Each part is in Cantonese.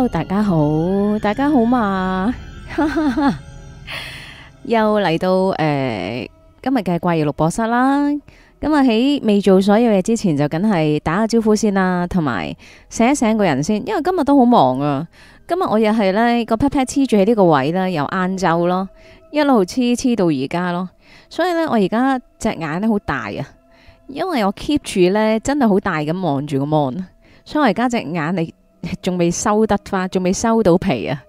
Hello，大家好，大家好嘛，哈 哈。又嚟到誒，今日嘅怪異錄播室啦。咁啊，喺未做所有嘢之前，就梗係打個招呼先啦，同埋醒一醒個人先，因為今日都好忙啊。今日我又係呢個 pat pat 黐住喺呢個位啦，由晏晝咯，一路黐黐到而家咯。所以呢，我而家隻眼咧好大啊，因為我 keep 住呢，真係好大咁望住個 mon，所以我而家隻眼仲未收得翻，仲未收到皮啊！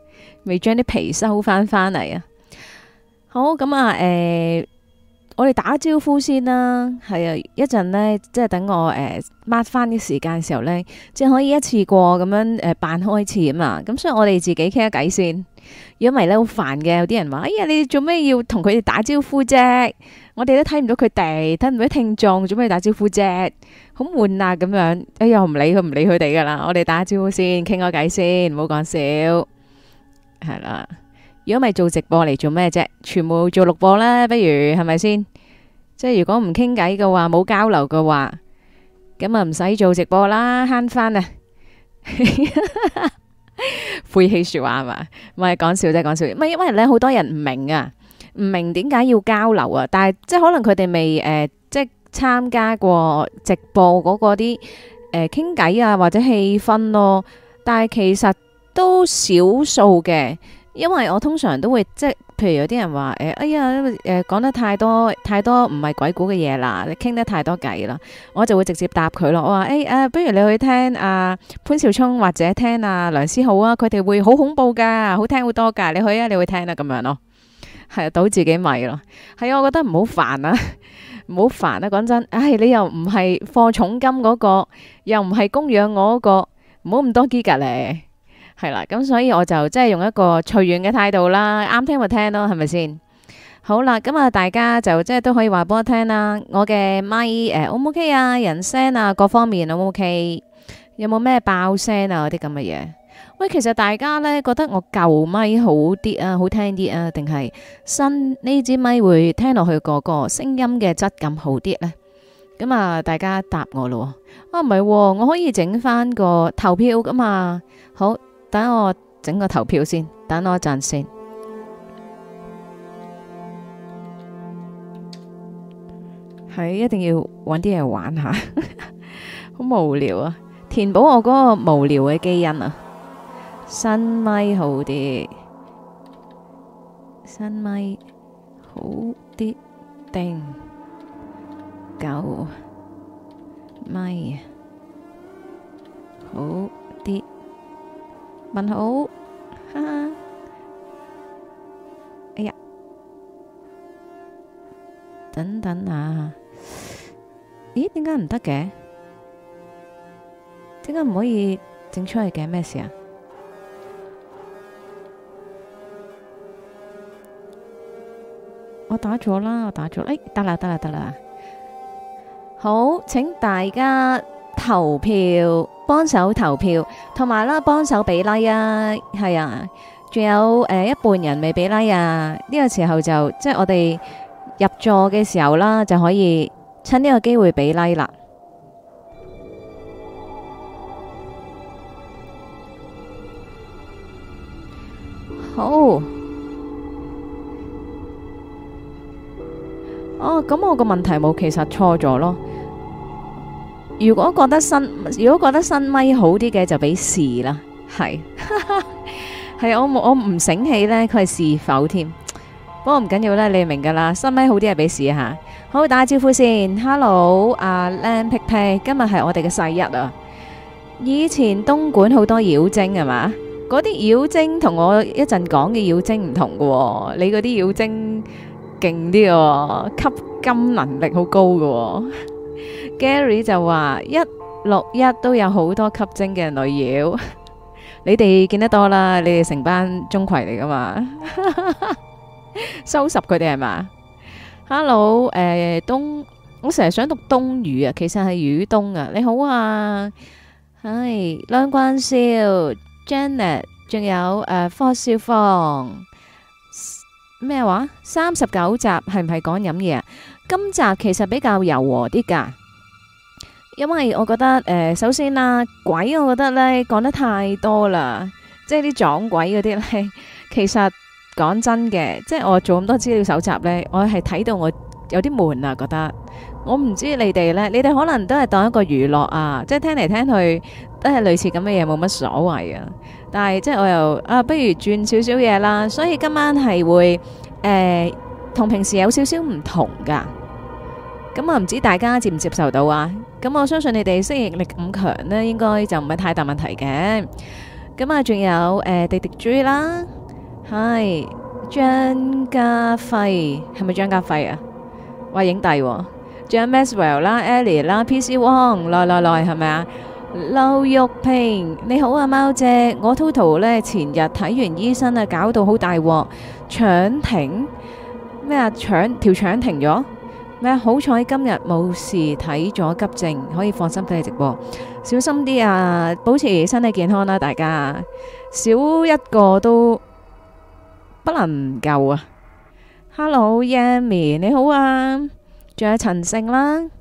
未將啲皮收翻翻嚟啊！好咁啊，誒、欸，我哋打招呼先啦。係啊，一陣呢，即係等我誒，抹翻啲時間嘅時候呢，即係可以一次過咁樣誒、呃，辦開次啊嘛。咁所以我哋自己傾下偈先，如果唔係咧好煩嘅。有啲人話：「哎呀，你做咩要同佢哋打招呼啫？我哋都睇唔到佢哋，睇唔到啲聽眾，做咩打招呼啫？好悶啊，咁樣，哎呀，唔理佢，唔理佢哋噶啦，我哋打下招呼先，傾下偈先，唔好講笑，係啦。如果咪做直播嚟做咩啫？全部做錄播啦，不如係咪先？即係如果唔傾偈嘅話，冇交流嘅話，咁啊唔使做直播啦，慳翻啊！晦氣說話係嘛？唔係講笑啫，講笑。唔係因為咧，好多人唔明啊，唔明點解要交流啊？但係即係可能佢哋未誒。參加過直播嗰個啲誒傾偈啊，或者氣氛咯，但係其實都少數嘅，因為我通常都會即係譬如有啲人話誒，哎呀誒、呃、講得太多太多唔係鬼故嘅嘢啦，你傾得太多偈啦，我就會直接答佢咯。我話誒誒，不如你去聽阿、啊、潘紹聰或者聽阿、啊、梁思浩啊，佢哋會好恐怖噶，好聽好多噶，你去以啊，你會聽啦、啊、咁樣咯，係倒自己米咯，係啊，我覺得唔好煩啊。 唔好煩啊！講真，唉，你又唔係放重金嗰個，又唔係供養我嗰個，唔好咁多機㗎咧，係啦。咁所以我就即係用一個隨緣嘅態度啦，啱聽咪聽咯，係咪先？好啦，咁啊，大家就即係都可以話俾我聽啦，我嘅咪誒 O 唔 O K 啊，人聲啊，各方面 O 唔 O K，有冇咩爆聲啊嗰啲咁嘅嘢？喂，其實大家呢覺得我舊咪好啲啊，好聽啲啊，定係新呢支咪會聽落去個個聲音嘅質感好啲呢？咁啊，大家答我咯。啊，唔係，我可以整翻個投票噶嘛？好，等我整個投票先，等我一陣先。係一定要搵啲嘢玩下，好無聊啊！填補我嗰個無聊嘅基因啊！新咪好啲，新咪好啲，定舊咪好啲，唔好哈哈。哎呀，等等啊！咦，點解唔得嘅？點解唔可以整出嚟嘅？咩事啊？我打咗啦，我打咗，誒，得啦，得啦，得啦，好，請大家投票，幫手投票，同埋啦，幫手俾 like 啊，係啊，仲有誒一半人未俾 like 啊，呢個時候就即係我哋入座嘅時候啦，就可以趁呢個機會俾 like 啦，好。哦，咁我個問題冇，其實錯咗咯。如果覺得新，如果覺得新咪好啲嘅，就俾試啦。係，係我我唔醒起呢，佢係是否添？不過唔緊要咧，你明噶啦。新咪好啲，係俾試下。好，打個招呼先。Hello，阿 Len Pitty，今日係我哋嘅世日啊！以前東莞好多妖精係嘛？嗰啲妖精同我一陣講嘅妖精唔同噶喎，你嗰啲妖精。勁啲哦，吸金能力好高噶。Gary 就話一六一都有好多吸精嘅女妖，你哋見得多啦，你哋成班鍾馗嚟噶嘛？收拾佢哋係嘛？Hello，誒東，我成日想讀冬雨啊，其實係雨冬啊。你好啊，係梁關少、Janet，仲有誒科少芳。咩話？三十九集係唔係講飲嘢啊？今集其實比較柔和啲噶，因為我覺得誒，首先啦，鬼我覺得咧講得太多啦，即係啲撞鬼嗰啲咧，其實講真嘅，即係我做咁多資料搜集咧，我係睇到我有啲悶啊，覺得我唔知你哋咧，你哋可能都係當一個娛樂啊，即係聽嚟聽去。都係類似咁嘅嘢，冇乜所謂啊！但係即係我又啊，不如轉少少嘢啦。所以今晚係會誒同、呃、平時有少少唔同噶。咁、嗯、啊，唔知大家接唔接受到啊？咁、嗯、我相信你哋適應力咁強呢，應該就唔係太大問題嘅。咁、嗯、啊，仲有誒、呃，滴滴追啦，係張家輝係咪張家輝啊？喂，影帝仲、啊、有 Maxwell 啦，Ellie 啦，PC Wong 來來來係咪啊？劉玉萍，你好啊，貓姐，我 total 呢，前日睇完醫生啊，搞到好大鑊，腸停咩啊，腸條腸停咗咩？好彩今日冇事，睇咗急症，可以放心睇你直播，小心啲啊，保持身體健康啦、啊，大家少一個都不能夠啊。Hello，Yami，你好啊，仲有陳勝啦、啊。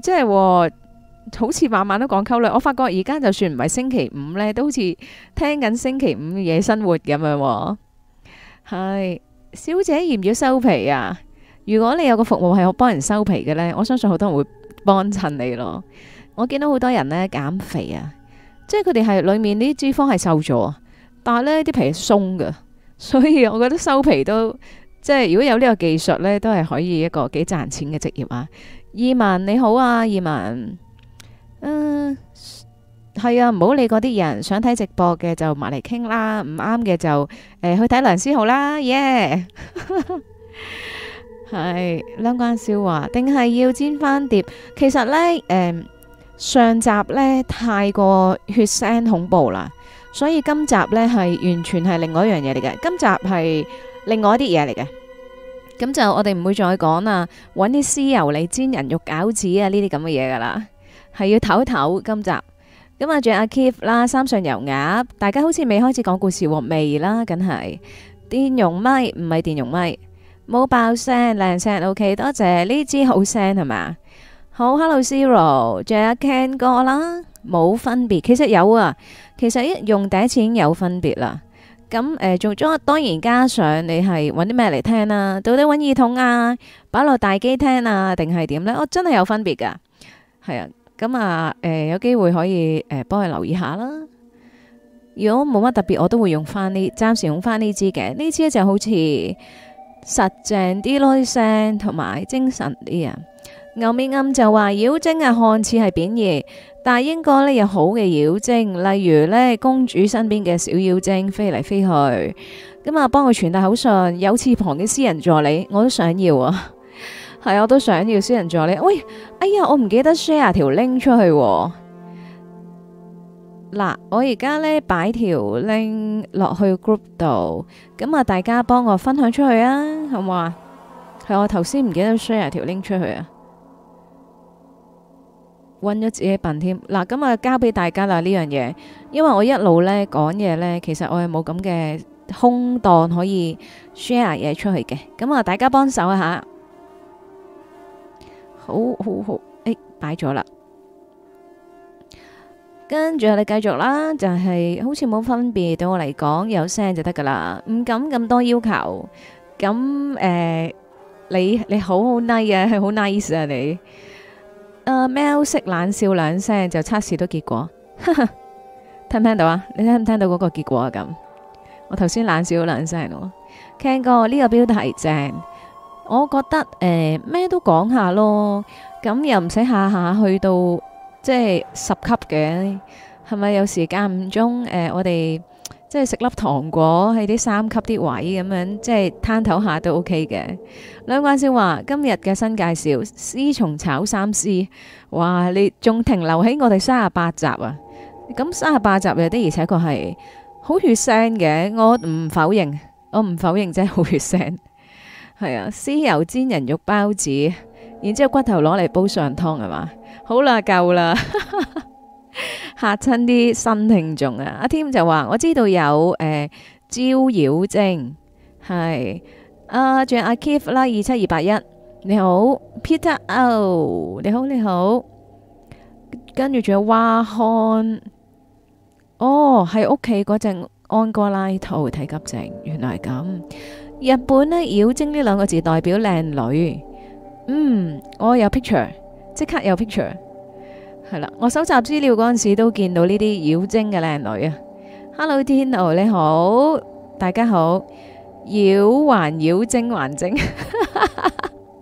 即係，好似晚晚都講溝女。我發覺而家就算唔係星期五呢，都好似聽緊星期五嘅夜生活咁樣。係，小姐要唔要收皮啊？如果你有個服務係好幫人收皮嘅呢，我相信好多人會幫襯你咯。我見到好多人呢，減肥啊，即係佢哋係裏面啲脂肪係瘦咗，但係呢啲皮係鬆㗎，所以我覺得收皮都即係如果有呢個技術呢，都係可以一個幾賺錢嘅職業啊。二汶你好啊，二汶，嗯，係啊，唔好理嗰啲人，想睇直播嘅就埋嚟傾啦，唔啱嘅就誒去睇梁思浩啦，耶，係兩關笑話，定係要煎翻碟？其實咧，誒上集咧太過血腥恐怖啦，所以今集咧係完全係另外一樣嘢嚟嘅，今集係另外一啲嘢嚟嘅。咁就我哋唔會再講啦，搵啲豉油嚟煎人肉餃子啊呢啲咁嘅嘢噶啦，係要唞一唞今集。咁啊，仲有阿 Kev 啦，三上油鴨。大家好似未開始講故事喎，未啦，梗係。電容咪，唔係電容咪，冇爆聲，靚聲，OK，多謝呢支好聲係嘛？好，Hello Zero，仲有阿 Ken 哥啦，冇分別，其實有啊，其實一用第一次已經有分別啦。咁誒做咗當然加上你係揾啲咩嚟聽啦，啊？到底揾耳筒啊，擺落大機聽啊，定係點呢？哦，真係有分別嘅，係啊。咁啊誒有機會可以誒，呃、幫佢留意一下啦。如果冇乜特別，我都會用翻呢，暫時用翻呢支嘅呢支就好似實淨啲咯啲聲，同埋精神啲啊。牛面暗就話妖精啊，看似係貶義。但係英國咧有好嘅妖精，例如咧公主身邊嘅小妖精飛嚟飛去，咁啊幫佢傳達口信。有翅膀嘅私人助理我都想要啊！係， 我都想要私人助理。喂、哎，哎呀，我唔記得 share 條 link 出去。嗱，我而家咧擺條 link 落去 group 度，咁啊大家幫我分享出去啊，好唔好啊？係我頭先唔記得 share 條 link 出去啊！溫咗自己笨添嗱，咁啊交俾大家啦呢樣嘢，因為我一路咧講嘢咧，其實我係冇咁嘅空檔可以 share 嘢出去嘅，咁啊大家幫手一下，好好好，哎擺咗啦，跟住，你繼續啦，就係好似冇分別對我嚟講，有聲就得㗎啦，唔敢咁多要求，咁誒你你好好 nice 啊，好 nice 啊你。啊！喵式冷笑兩聲就測試到結果，聽唔聽到啊？你聽唔聽到嗰個結果啊？咁，我頭先冷笑咗兩聲咯。聽過呢個標題正，我覺得誒咩都講下咯，咁又唔使下下去到即係十級嘅，係咪有時間唔中誒？我哋。即係食粒糖果喺啲三級啲位咁樣，即係攤頭下都 OK 嘅。兩關笑話今日嘅新介紹，絲蟲炒三絲，哇！你仲停留喺我哋三十八集啊？咁三十八集又的而且確係好血腥嘅。我唔否認，我唔否認真係好血腥。係啊，豬油煎人肉包子，然之後骨頭攞嚟煲上湯係嘛？好啦，夠啦。 吓親啲新聽眾啊！阿添就話我知道有誒、呃、招妖精係啊，仲有阿 Keef 啦，二七二八一，你好 Peter O，你好你好，跟住仲有哇漢，哦喺屋企嗰隻安哥拉兔睇急症，原來係咁。日本呢妖精呢兩個字代表靚女，嗯，我有 picture，即刻有 picture。係啦，我搜集資料嗰陣時都見到呢啲妖精嘅靚女啊！Hello，天喵你好，大家好，妖還妖精還精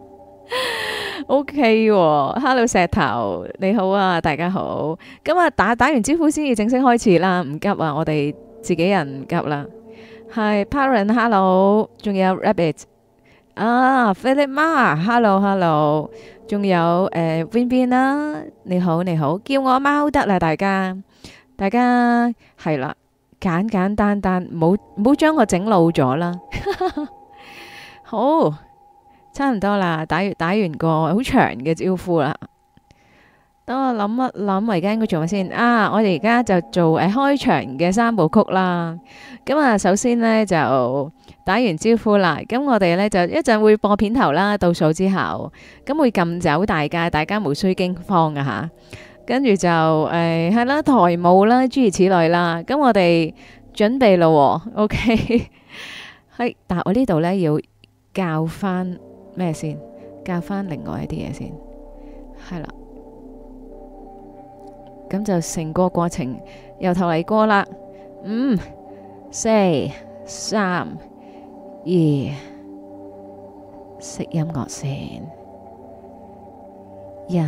，OK 喎，哦！Hello，石頭你好啊，大家好，噉啊，打打完招呼先至正式開始啦，唔急啊，我哋自己人唔急啦。係，Paren，Hello 仲有 Rabbit 啊，ah，Philip 媽，Hello，Hello。仲有誒 Vivian 啦，你好你好，叫我阿貓得啦，大家大家係啦，簡簡單單，唔好唔好將我整老咗啦，哈哈哈，好，差唔多啦，打完打完個好長嘅招呼啦。等我諗一諗，而家應該做乜先？啊！我哋而家就做誒開場嘅三部曲啦。咁啊，首先呢就打完招呼啦。咁我哋呢就一陣會播片頭啦。倒數之後，咁會撳走大家，大家無需驚慌㗎吓。跟住就誒係啦，台務啦，諸如此類啦。咁我哋準備咯。OK，係，但係我呢度呢要教翻咩先？教翻另外一啲嘢先。係啦。咁就成個過程由頭嚟過啦，五、四、三、二，熄音樂先，一。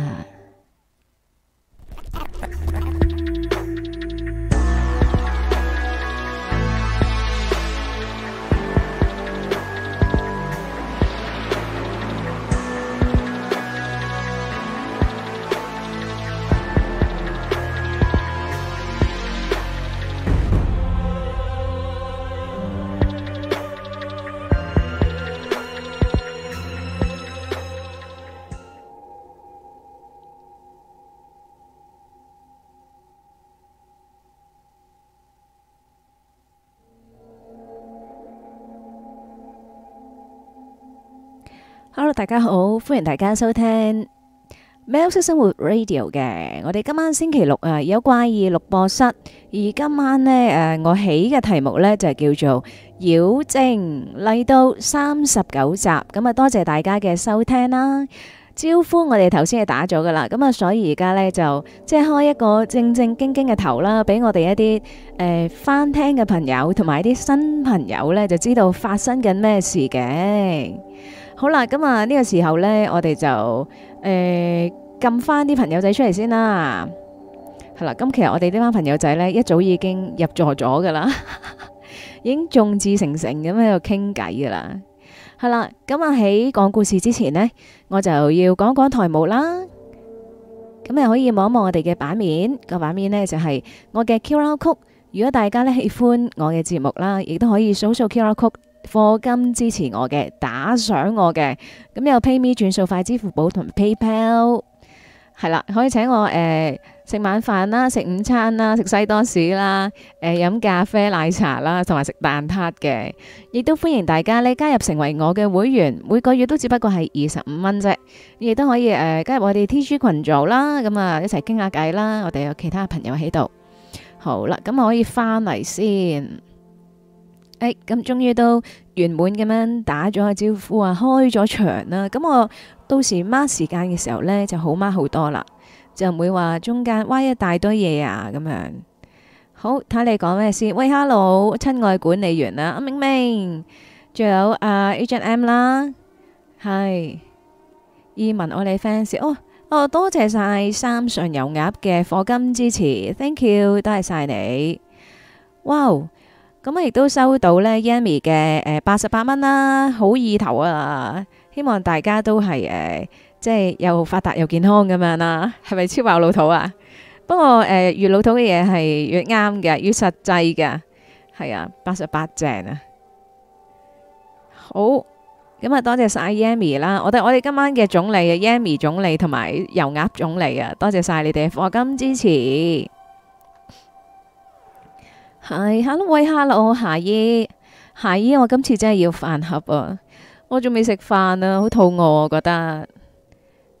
hello，大家好，歡迎大家收聽《喵式生活 Radio》嘅。我哋今晚星期六啊，有怪異錄播室。而今晚呢，誒、啊，我起嘅題目呢就叫做《妖精》，嚟到三十九集。咁啊，多謝大家嘅收聽啦。招呼我哋頭先係打咗噶啦，咁、嗯、啊，所以而家呢，就即係開一個正正經經嘅頭啦，俾我哋一啲誒返聽嘅朋友同埋一啲新朋友呢，就知道發生緊咩事嘅。好啦，咁啊呢個時候咧，我哋就誒撳翻啲朋友仔出嚟先啦。係啦，咁其實我哋呢班朋友仔咧一早已經入座咗噶啦，已經眾志成城咁喺度傾偈噶啦。係啦，咁啊喺講故事之前咧，我就要講講台務啦。咁你可以望一望我哋嘅版面，個版面咧就係我嘅 QR Code。如果大家咧喜歡我嘅節目啦，亦都可以掃掃 QR Code。課金支持我嘅，打賞我嘅，咁有 PayMe 轉數快、支付寶同 PayPal，係啦，可以請我誒食、呃、晚飯啦、食午餐啦、食西多士啦、誒、呃、飲咖啡奶茶啦，同埋食蛋撻嘅，亦都歡迎大家咧加入成為我嘅會員，每個月都只不過係二十五蚊啫，亦都可以誒、呃、加入我哋 TG 群組啦，咁啊一齊傾下偈啦，我哋有其他朋友喺度，好啦，咁可以翻嚟先。誒，咁終於都圓滿咁樣打咗個招呼啊，開咗場啦。咁我到時 mark 時間嘅時候呢，就好 mark 好多啦，就唔會話中間歪一大堆嘢啊，咁樣。好，睇下你講咩先？喂，hello，親愛管理員啦，阿明明，仲有阿 H&M 啦，係移民我哋 fans。哦，哦，多謝晒三上油鴨嘅課金支持，thank you，多謝晒你。哇！咁我亦都收到呢 Yami 嘅八十八蚊啦，好意頭啊！希望大家都係誒，即係又發達又健康咁樣啦，係咪超爆老土啊？不過誒，越老土嘅嘢係越啱嘅，越實際嘅，係啊，八十八正啊！好，咁啊，多謝晒 Yami 啦，我哋我哋今晚嘅總理啊，Yami 總理同埋油鴨總理啊，多謝晒你哋課金支持。係，Hello 喂，Hello 霞姨，霞姨，我今次真係要飯盒啊，我仲未食飯啊，好肚餓，我覺得。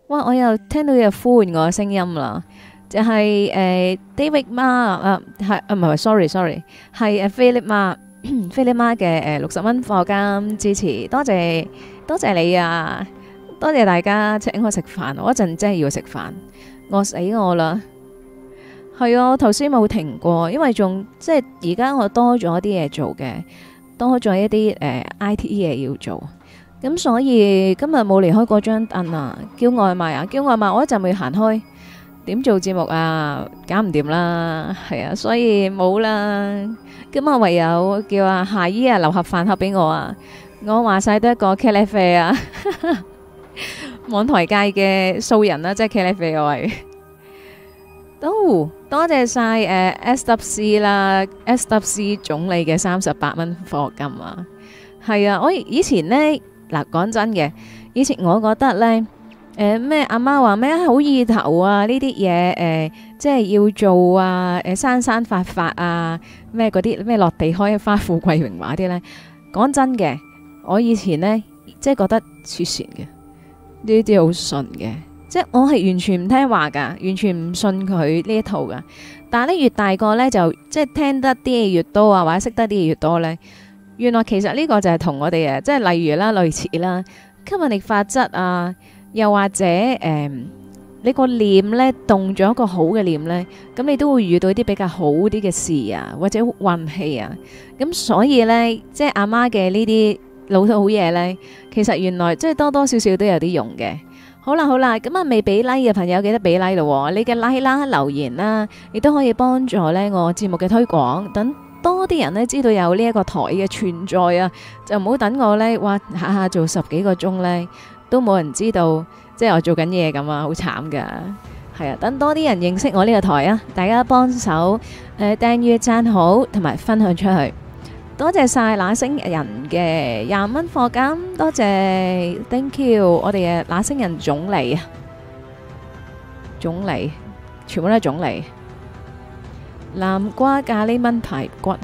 哇，我又聽到又呼喚我嘅聲音啦，就係、是、誒、呃、，David 媽啊，係唔係？Sorry, Sorry，係誒 ，Philip 媽 ，Philip 媽嘅誒六十蚊課金支持，多謝多謝你啊，多謝大家請我食飯，我一陣真係要食飯，餓死我啦。係啊，我頭先冇停過，因為仲即係而家我多咗一啲嘢做嘅，多咗一啲誒 IT 嘢要做，咁所以今日冇離開嗰張凳啊！叫外賣啊，叫外賣，我一陣要行開，點做節目啊？搞唔掂啦，係啊，所以冇啦。咁啊，唯有叫阿夏姨啊留盒飯盒俾我啊！我話曬得一個茄喱啡啊，網台界嘅素人啦，即係茄喱啡我係。都、oh, 多謝晒誒 S W C 啦，S W C 總理嘅三十八蚊課金啊。係啊，我以前呢，嗱，講真嘅，以前我覺得呢，誒咩阿媽話咩好意頭啊，呢啲嘢誒即係要做啊誒生生發發啊咩嗰啲咩落地開花富貴榮華啲呢。講真嘅，我以前呢，即、就、係、是、覺得黐線嘅呢啲好順嘅。即係我係完全唔聽話噶，完全唔信佢呢一套噶。但係咧，越大個呢，就即係聽得啲嘢越多啊，或者識得啲嘢越多呢。原來其實呢個就係同我哋誒，即係例如啦，類似啦，吸引力法則啊，又或者誒、呃，你個念呢，動咗一個好嘅念呢，咁你都會遇到啲比較好啲嘅事啊，或者運氣啊。咁所以呢，即係阿媽嘅呢啲老土好嘢呢，其實原來即係多多少少都有啲用嘅。好啦好啦，咁啊未俾 like 嘅朋友記得俾 like 咯。你嘅 like 啦、留言啦，亦都可以幫助呢我節目嘅推廣。等多啲人呢知道有呢一個台嘅存在啊，就唔好等我呢。哇下下做十幾個鐘呢，都冇人知道，即係我做緊嘢咁啊，好慘噶係啊。等多啲人認識我呢個台啊，大家幫手訂閱、呃、讚好同埋分享出去。多謝晒喵星人嘅廿蚊貨金，多謝，Thank you，我哋嘅喵星人總理啊，總理，全部都係總理，南瓜咖喱炆排骨。